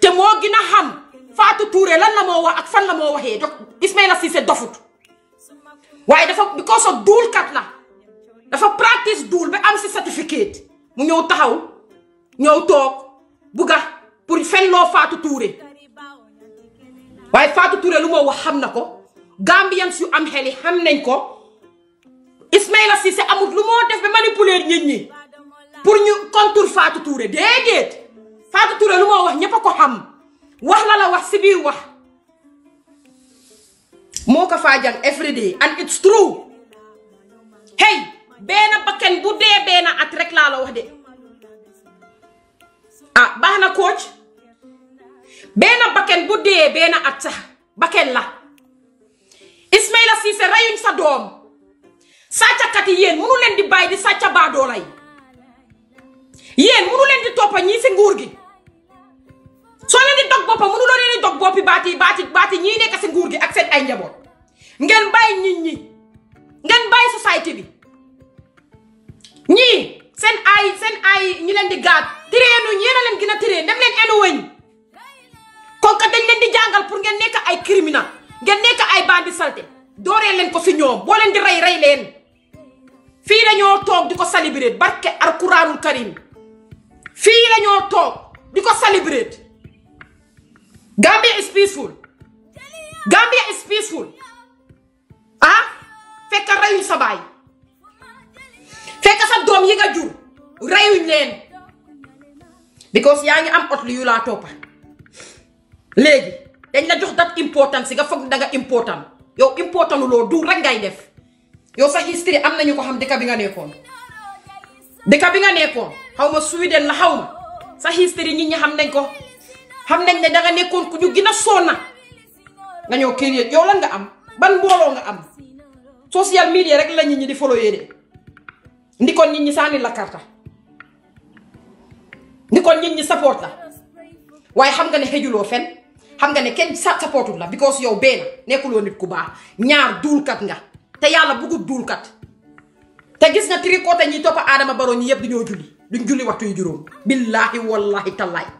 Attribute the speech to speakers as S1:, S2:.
S1: te moo gën a xam Fatou Touré lan la moo wax ak fan la moo waxee donc Ismaila Ceesay dofut waaye dafa because of duul kat la dafa practice duul ba am si certificate mu ñëw taxaw ñëw toog bugga pour fenloo Fatou Touré waaye Fatou Touré lu moo wax xam na ko Gambians yu am xeli xam nañ ko Ismaila Ceesay amut lu moo def ba manipuler nit ñi pour ñu contour Fatou Touré déedéet Fatou Touré lu moo wax ñëpp a ko xam wax la la wax si biir wax moo ko faa jàng every day and it's true hey benn bakken bu dee benn at rek laa la wax de ah baax na coach benn bakken bu dee benn at sax bakken la Ismaila Cissé reyuñ sa doom sàccakat yi yéen leen di bàyyi di sàcca baadoo lay yéen mënu leen di toppa ñii si nguur gi soo leen di dog boppam mënu loo leen di dog boppi baati baati baati ñii nekk si nguur gi ak seen ay njaboot ngeen bàyyi nit ñi ngeen bàyyi société bi ñii seen ay seen ay ñi leen di gaat tireenu ñeena leen gën a tireen dem leen enu weñ kon kat dañ leen di jàngal pour ngeen nekk ay criminel ngeen nekk ay bandi salte dooree leen ko si ñoom boo leen di rey rey leen fii dañoo toog di ko célébrer barke alquraanul karim fi lañu tok diko celebrate Gambia is peaceful Gambia is peaceful ah fekk rayu sa bay fekk sa dom yi nga jur rayu len because ya, ngi am ot lu yu la toppa léegi dañ la jox dat importance nga fokk da nga important yo important lo du rek ngay def yo sa history am nañu ko xam dëkk bi nga nekkon dëkk bi nga nekkon xaw ma Suède la xaw ma sa history nit ñi xam nañ ko xam nañ ne danga nekkoon ku ñu gën a sonna nga ñëw kër yow lan nga am ban mbooloo nga am social media rek la nit ñi di follow de ndi kon nit ñi sànni la karta ndi kon nit ñi support la waaye xam nga ne xëjuloo fen xam nga ne kenn sa supportul la because yow benn nekkuloo nit ku baax ñaar duulkat nga te yàlla bëggul duulkat te gis nga tricot ñi topp Adama Barrow ñi yëpp dañoo julli duñ julli waxtu yu juróom billaahi wallaahi tallaahi